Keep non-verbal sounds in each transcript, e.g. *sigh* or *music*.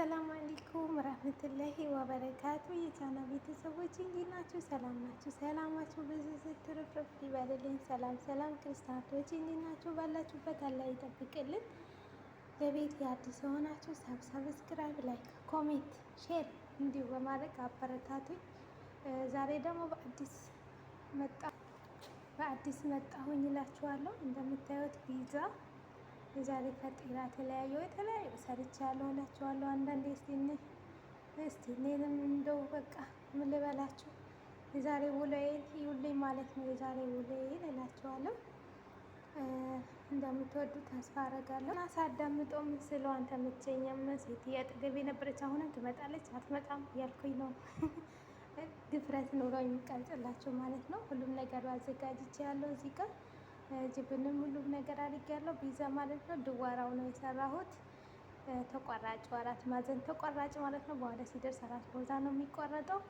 አሰላሙ አለይኩም ረህመቱላሂ ወበረካቱ የቻና ቤተሰቦች እንዴት ናችሁ? ሰላም ናችሁ? ሰላማችሁ ብዙ ስትርፍርፍ ይበልልኝ። ሰላም ሰላም ክርስቲያኖች እንዴት ናችሁ? ባላችሁበት አላህ ይጠብቅልን። ለቤት የአዲስ የሆናችሁ ሰብ ሰብስክራይብ፣ ላይክ፣ ኮሜንት፣ ሼር እንዲሁ በማድረግ አበረታቱኝ። ዛሬ ደግሞ በአዲስ መጣ በአዲስ መጣሁኝ እላችኋለሁ። እንደምታዩት ቢዛ። የዛሬ ፈጢራ ተለያየው የተለያዩ ሰርቻ ያለው እላችኋለሁ። አንዳንዴ እስቲ እኔንም እንደው በቃ ምን ልበላችሁ የዛሬ ውሎዬን ይውልኝ ማለት ነው። የዛሬ ውሎዬን እላችኋለሁ እንደምትወዱ ተስፋ አደርጋለሁ። እና ሳዳምጠው ምን ስለው አንተ መቼኛም ሴት አጠገቤ ነበረች፣ አሁንም ትመጣለች አትመጣም እያልኩኝ ነው። *laughs* ድፍረት ኑሮ የሚቀርጽላቸው ማለት ነው። ሁሉም ነገር አዘጋጅቼ ያለው እዚህ ጋር ጅብንም ሁሉም ነገር አድርጌያለሁ። ቢዛ ማለት ነው። ድዋራው ነው የሰራሁት። ተቆራጭ አራት ማዘን ተቆራጭ ማለት ነው። በኋላ ሲደርስ አራት ቦታ ነው የሚቆረጠው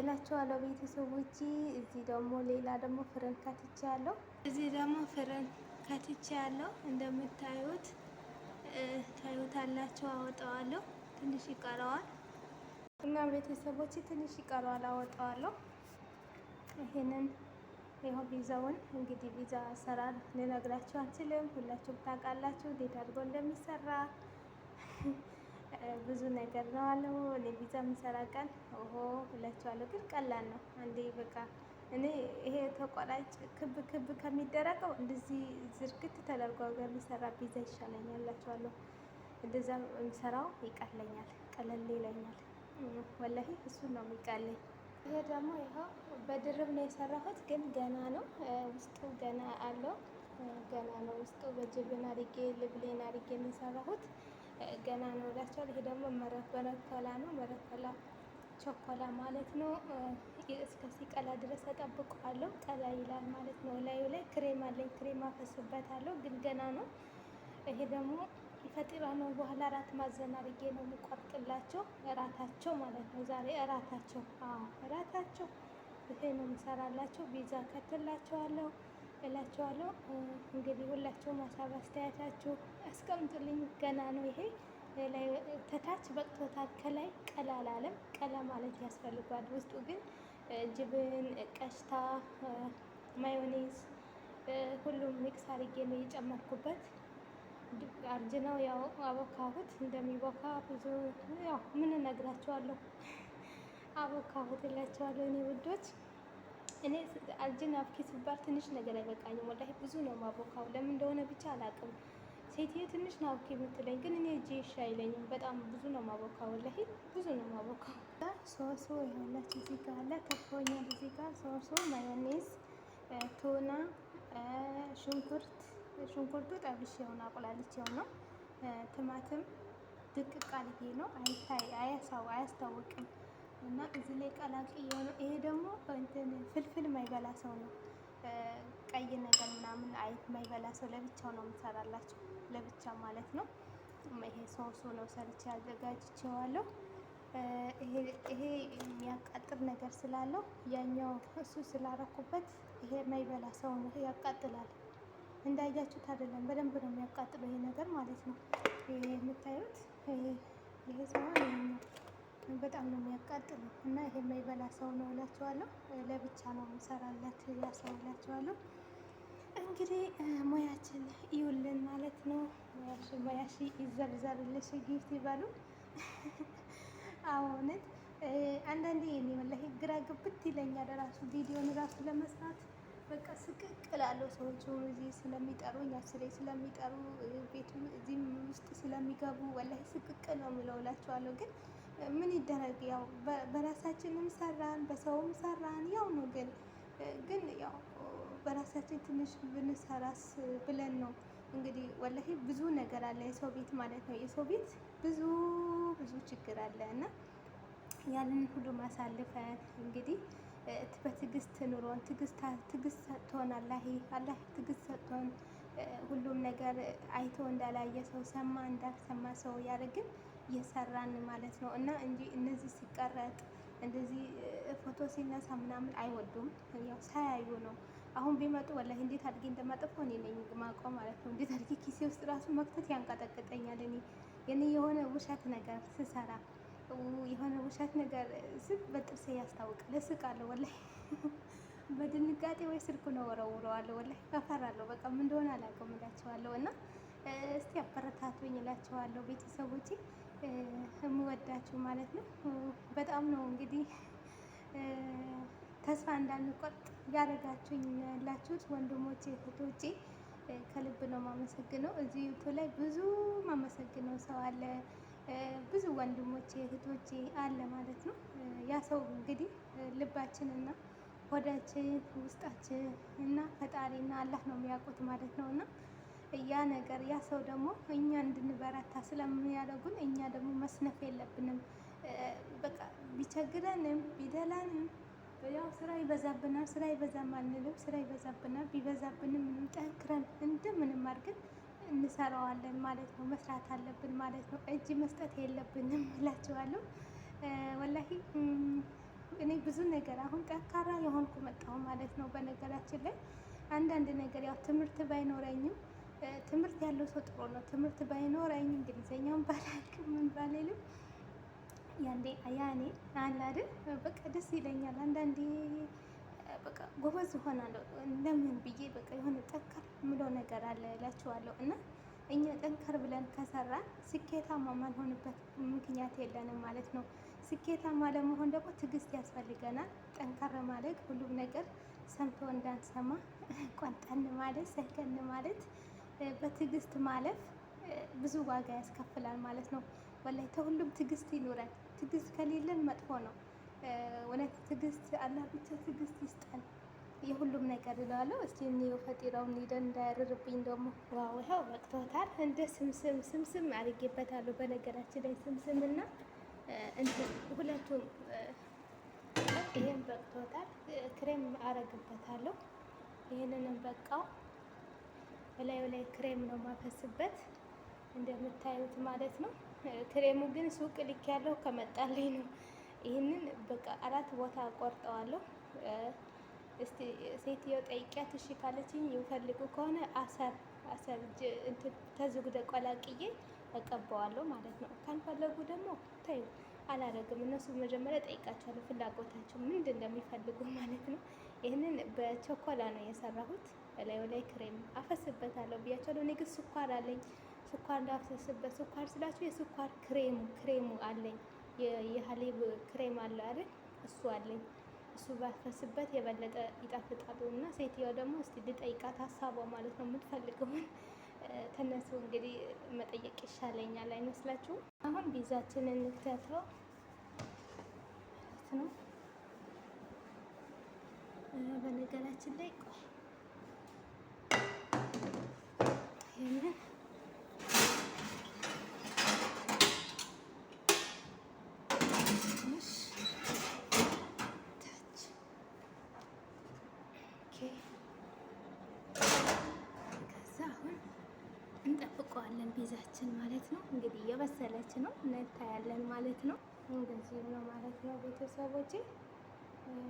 እላቸዋለሁ ቤተሰቦች። እዚህ ደግሞ ሌላ ደግሞ ፍረን ከትቼ ያለው እዚህ ደግሞ ፍረን ከትቼ ያለው እንደምታዩት ታዩታላችሁ። አወጣዋለሁ። ትንሽ ይቀረዋል እና ቤተሰቦች ትንሽ ይቀረዋል። አወጣዋለሁ ይህንን ይኸው ቪዛውን እንግዲህ ቪዛ አሰራር ልነግራችሁ አልችልም። ሁላችሁም ታውቃላችሁ እንዴት አድርጎ እንደሚሰራ *laughs* ብዙ ነገር ነው አለው። እኔ ቪዛ የምሰራ ቀን ኦሆ እላችኋለሁ፣ ግን ቀላል ነው። አንዴ በቃ እኔ ይሄ ተቆራጭ ክብ ክብ ከሚደረገው እንደዚህ ዝርግት ተደርጎ የሚሰራ ቪዛ ይሻለኛል እላችኋለሁ። እንደዛ የምሰራው ይቀለኛል፣ ቀለል ይለኛል። ወላሂ እሱን ነው የሚቀለኝ። ይሄ ደግሞ ይኸው በድርብ ነው የሰራሁት፣ ግን ገና ነው ውስጡ ገና አለው ገና ነው ውስጡ በጅብን አድርጌ ልብሌን አድርጌ የሰራሁት ገና ነው እላቸዋል። ይሄ ደግሞ መረኮላ ነው መረኮላ ቾኮላ ማለት ነው። እስከ ሲቀላ ድረስ ተጠብቀዋለሁ። ቀላ ይላል ማለት ነው። ላዩ ላይ ክሬም አለኝ፣ ክሬም አፈስበታለሁ፣ ግን ገና ነው ይሄ ደግሞ ፈጢራ ነው በኋላ እራት ማዘን አድርጌ ነው የምቆርጥላቸው። እራታቸው ማለት ነው ዛሬ እራታቸው። አዎ እራታቸው ይሄ ነው የምሰራላቸው። ቤዛ ከትላቸዋለሁ እላቸዋለሁ። እንግዲህ ሁላቸውም ሀሳብ አስተያየታችሁ አስቀምጡልኝ። ገና ነው ይሄ ከታች በቅቶታል፣ ከላይ ቀላ አላለም። ቀላ ማለት ያስፈልጓል። ውስጡ ግን ጅብን፣ ቀሽታ፣ ማዮኔዝ ሁሉም ሚክስ አድርጌ ነው የጨመርኩበት። አርጅነው ያው አቦካሁት እንደሚቦካ ብዙ ያው ምን እነግራቸዋለሁ አቦካሁት እላቸዋለሁ እኔ ውዶች። እኔ አልጅን አብኪ ሲባል ትንሽ ነገር አይበቃኝም። ወላሂ ብዙ ነው ማቦካው። ለምን እንደሆነ ብቻ አላቅም። ሴትዬ ትንሽ ነው አብኪ የምትለኝ፣ ግን እኔ እጅ ይሻ አይለኝም። በጣም ብዙ ነው ማቦካው። ወላሂ ብዙ ነው ማቦካው። ሶሶ ይሆናች እዚህ ጋር አለ ተፎኛል። እዚህ ጋር ሶሶ፣ ማዮኔዝ፣ ቱና፣ ሽንኩርት ሽንኩርቱ ጠብሼ የሆነ አቁላልቼው ነው። ቲማቲም ድቅቅ አድርጌ ነው። አይታይ አያሳው አያስታውቅም እና እዚህ ላይ ቀላቅዬ የሆነ ይሄ ደግሞ እንትን ፍልፍል ማይበላ ሰው ነው ቀይ ነገር ምናምን አይ ማይበላ ሰው ለብቻው ነው የምሰራላቸው፣ ለብቻ ማለት ነው። ይሄ ሶሱ ነው ሰርቼ አዘጋጅቼዋለሁ። ይሄ የሚያቃጥል ነገር ስላለው ያኛው እሱ ስላረኩበት ይሄ ማይበላ ሰው ነው ያቃጥላል። እንዳያችሁት አይደለም። በደንብ ነው የሚያቃጥለው ይሄ ነገር ማለት ነው። ይሄ የምታዩት ይሄ ሲሆን በጣም ነው የሚያቃጥለው እና ይሄ የማይበላ ሰው ነው እላችኋለሁ። ለብቻ ነው የምሰራላት ያሰው እላችኋለሁ። እንግዲህ ሙያችን ይውልን ማለት ነው። ሙያሽ ይዘርዘርልሽ ጊፍት ይበሉ። እውነት አንዳንዴ እኔ ወላሂ ግራ ግብት ይለኛል ራሱ ቪዲዮን ራሱ ለመስራት በቃ ስቅቅ እላለሁ። ሰዎች ስለሚጠሩ እዚህ ስለሚጠሩኝ ስለሚጠሩ ቤቱ እዚህ ውስጥ ስለሚገቡ ወላሂ ስቅቅ ነው የምለው እላቸዋለሁ። ግን ምን ይደረግ ያው በራሳችንም ሰራን በሰውም ሰራን ያው ነው። ግን ግን ያው በራሳችን ትንሽ ብንሰራስ ብለን ነው እንግዲህ ወላሂ ብዙ ነገር አለ የሰው ቤት ማለት ነው። የሰው ቤት ብዙ ብዙ ችግር አለ እና ያንን ሁሉ ማሳልፈን እንግዲህ በትዕግስት ኑሮን ትዕግስት ሰጥቶን አላህ አላህ ትዕግስት ሰጥቶን ሁሉም ነገር አይቶ እንዳላየ ሰው ሰማ እንዳልሰማ ሰው ያደርግን እየሰራን ማለት ነው እና እንጂ እነዚህ ሲቀረጥ እንደዚህ ፎቶ ሲነሳ ምናምን አይወዱም። ያው ሳያዩ ነው። አሁን ቢመጡ ወላሂ እንዴት አድርጌ እንደማጠፋው እኔ ነኝ ማውቀው ማለት ነው። እንዴት አድርጌ ኪሴ ውስጥ ራሱ መክተት ያንቀጠቅጠኛል። እኔ የኔ የሆነ ውሸት ነገር ስሰራ የሆነ ውሸት ነገር ስል በጥርሴ ያስታውቃል። እስቃለሁ ወላሂ *laughs* በድንጋጤ ወይ ስልኩ ነው ወረውረዋለሁ። ወላሂ አፈራለሁ። በቃ ምን እንደሆነ አላውቅም እላቸዋለሁ። እና እስቲ አበረታቱኝ እላቸዋለሁ። ቤተሰቦቼ የምወዳችሁ ማለት ነው። በጣም ነው እንግዲህ ተስፋ እንዳንቆርጥ ያደረጋችሁኝ ያላችሁት ወንድሞቼ እህቶቼ ከልብ ነው ማመሰግነው። እዚህ ዩቱብ ላይ ብዙ ማመሰግነው ሰው አለ ብዙ ወንድሞቼ እህቶቼ አለ ማለት ነው። ያ ሰው እንግዲህ ልባችንና ሆዳችን ውስጣችን እና ፈጣሪና አላህ ነው የሚያውቁት ማለት ነው። እና ያ ነገር ያ ሰው ደግሞ እኛ እንድንበረታ ስለሚያደርጉን እኛ ደግሞ መስነፍ የለብንም። በቃ ቢቸግረንም ቢደላንም ያው ስራ ይበዛብናል፣ ስራ ይበዛም አንልም፣ ስራ ይበዛብናል። ቢበዛብንም ጠንክረን እንደምንም አድርገን እንሰራዋለን ማለት ነው። መስራት አለብን ማለት ነው። እጅ መስጠት የለብንም እላችኋለሁ። ወላሂ እኔ ብዙ ነገር አሁን ጠንካራ የሆንኩ መጣሁ ማለት ነው። በነገራችን ላይ አንዳንድ ነገር ያው ትምህርት ባይኖረኝም ትምህርት ያለው ሰው ጥሩ ነው። ትምህርት ባይኖረኝ እንግሊዝኛውን ባላቅም ምን ባልልም ያኔ ያኔ አላድን በቃ ደስ ይለኛል አንዳንዴ በቃ ጎበዝ እሆናለሁ ለምን ብዬ በቃ የሆነ ጠንከር የምለው ነገር አለ እላችኋለሁ። እና እኛ ጠንከር ብለን ከሰራን ስኬታማ ማንሆንበት ምክንያት የለንም ማለት ነው። ስኬታማ ለመሆን ደግሞ ትዕግስት ያስፈልገናል። ጠንከር ማለት ሁሉም ነገር ሰምቶ እንዳንሰማ ቆንጠን ማለት ሰከን ማለት በትዕግስት ማለፍ ብዙ ዋጋ ያስከፍላል ማለት ነው። ወላሂ ከሁሉም ትዕግስት ይኑረን። ትዕግስት ከሌለን መጥፎ ነው። እውነት ትዕግስት አላ ብቻ ትዕግስት ይስጠን የሁሉም ነገር እላለሁ። እስቲ እኔው ፈጢራውን ሂደን እንዳያርርብኝ ደግሞ ዋው ይኸው መቅቶታል። እንደ ስምስም ስምስም አድርጌበታለሁ። በነገራችን ላይ ስምስም እና ሁለቱም ይሄን በቅቶታል። ክሬም አረግበታለሁ። ይሄንንም በቃው በላዩ ላይ ክሬም ነው ማፈስበት እንደምታዩት ማለት ነው። ክሬሙ ግን ሱቅ ልክ ያለው ከመጣልኝ ነው። ይህንን በቃ አራት ቦታ ቆርጠዋለሁ። እስቲ ሴትዮ ጠይቂያት፣ እሺ ካለችኝ የሚፈልጉ ከሆነ አሰር አሰር ተዝጉደ ቆላቅዬ እቀባዋለሁ ማለት ነው። ካልፈለጉ ደግሞ ተይ አላደርግም። እነሱ መጀመሪያ ጠይቃቸዋለሁ ፍላጎታቸው ምንድን እንደሚፈልጉ ማለት ነው። ይህንን በቸኮላ ነው የሰራሁት። በላዩ ላይ ክሬም አፈስበታለሁ ብያቸዋለሁ። እኔ ግን ስኳር አለኝ። ስኳር እንዳፈስበት ስኳር ስላችሁ የስኳር ክሬሙ ክሬሙ አለኝ የሀሊብ ክሬም አለ አይደል? እሱ አለኝ። እሱ ባፈስበት የበለጠ ይጣፍጣሉ። እና ሴትዮዋ ደግሞ እስቲ ልጠይቃት ሀሳቧ ማለት ነው የምትፈልገውን ከነሱ *laughs* እንግዲህ መጠየቅ ይሻለኛል አይመስላችሁም? አሁን ቢዛችንን እንክተተው ነው። በነገራችን ላይ ቆይ ይህንን ፒዛችን ማለት ነው። እንግዲህ እየበሰለች ነው እንታያለን ማለት ነው። እንደዚህ ነው ማለት ነው ቤተሰቦቼ፣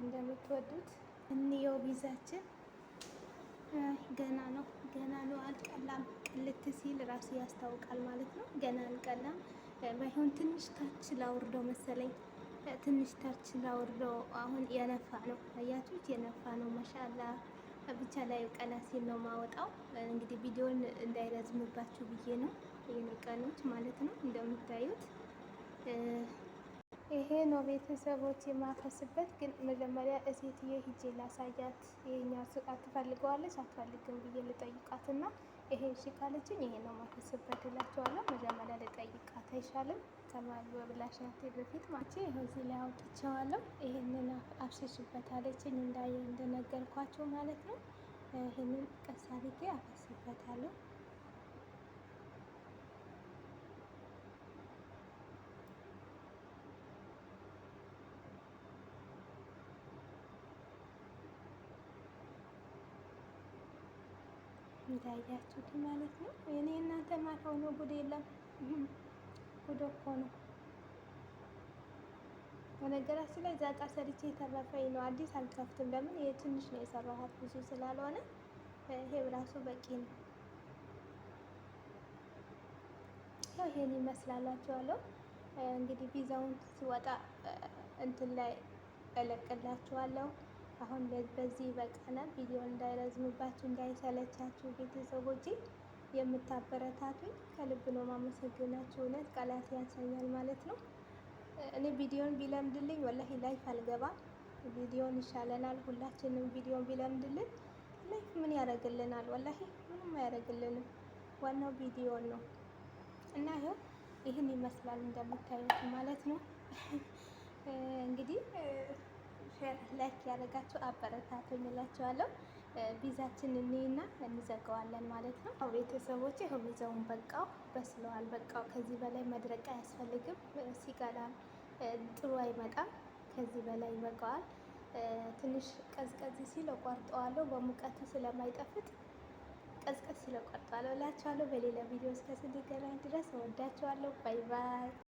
እንደምትወዱት እንየው። ፒዛችን ገና ነው ገና ነው አልቀላም። ቅልት ሲል ራሱ ያስታውቃል ማለት ነው። ገና አልቀላም። ባይሆን ትንሽ ታች ላውርደው መሰለኝ ትንሽ ታች ላውርደው። አሁን የነፋ ነው አያችሁት፣ የነፋ ነው ማሻላ ብቻ ላይ ቀላሴን ነው ማወጣው። እንግዲህ ቪዲዮን እንዳይረዝምባችሁ ብዬ ነው የኔ ቀኖች ማለት ነው። እንደምታዩት ይሄ ነው ቤተሰቦች የማፈስበት። ግን መጀመሪያ እሴትዬ ሂጄ ላሳያት። ይሄኛው ሱቃ ትፈልገዋለች አትፈልግም ብዬ ልጠይቃትና ይሄ እሺ ካለችኝ ይሄ ነው ማፈስበት እላቸዋለሁ። መጀመሪያ ልጠይቃት አይሻልም? ይጠቀማሉ። በብላሽናቴ በፊት ማቼ ይሄ እዚህ ላይ አውጥቼዋለሁ። ይሄንን አፍስሽበት አለችኝ እንዳየ እንደነገርኳቸው ማለት ነው። ይሄንን ቀስ አድርጌ አፈስበታለሁ። እንዳያችሁት ማለት ነው። እኔ እናንተ ማታው ነው ጉድ የለም ጉድ እኮ ነው። በነገራችን ላይ ዛቃ ሰርቼ የተረፈኝ ነው። አዲስ አልከፍትም። ለምን የትንሽ ነው የሰራኋት ብዙ ስላልሆነ ይሄ ብራሱ በቂ ነው። ያው ይሄን ይመስላላችኋለሁ። እንግዲህ ቪዛውን ሲወጣ እንትን ላይ እለቅላችኋለሁ። አሁን በዚህ ይበቃናል። ቪዲዮ እንዳይረዝምባችሁ እንዳይሰለቻችሁ ቤተሰቦቼ የምታበረታቱኝ ከልብ ነው ማመሰግናቸው። እውነት ቃላት ያንሰኛል ማለት ነው። እኔ ቪዲዮን ቢለምድልኝ ወላሂ ላይፍ አልገባ ቪዲዮን ይሻለናል። ሁላችንም ቪዲዮን ቢለምድልን ላይፍ ምን ያደርግልናል? ወላሂ ምንም አያደርግልንም። ዋናው ቪዲዮን ነው እና ይኸው ይህን ይመስላል እንደምታዩት ማለት ነው። *laughs* እንግዲህ ሼር ላይክ ያደረጋችሁ አበረታቱኝ እላችኋለሁ። ቢዛችን እኔና እንዘጋዋለን ማለት ነው። ቤተሰቦች ይኸው ቪዛውን በቃው በስለዋል። በቃው ከዚህ በላይ መድረቅ አያስፈልግም። ሲቀላም ጥሩ አይመጣም። ከዚህ በላይ ይበቃዋል። ትንሽ ቀዝቀዝ ሲል ቆርጠዋለሁ። በሙቀቱ ስለማይጠፍጥ ቀዝቀዝ ሲል ቆርጠዋለሁ እላቸዋለሁ። በሌላ ቪዲዮ እስከ ስንገናኝ ድረስ እወዳቸዋለሁ። ባይ ባይ።